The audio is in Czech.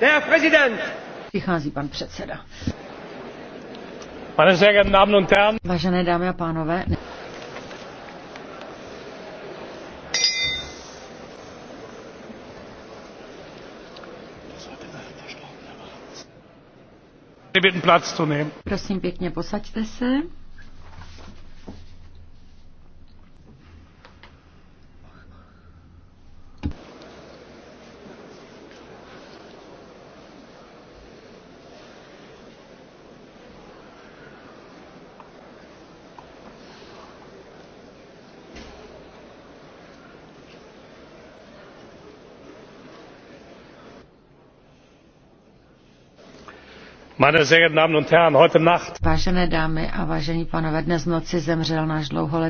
Der Přichází pan předseda. Pane sehr geehrten Damen und Vážené dámy a pánové. Prosím pěkně, posaďte se. Vážené dámy a vážení pánové, dnes v noci zemřel náš dlouholetý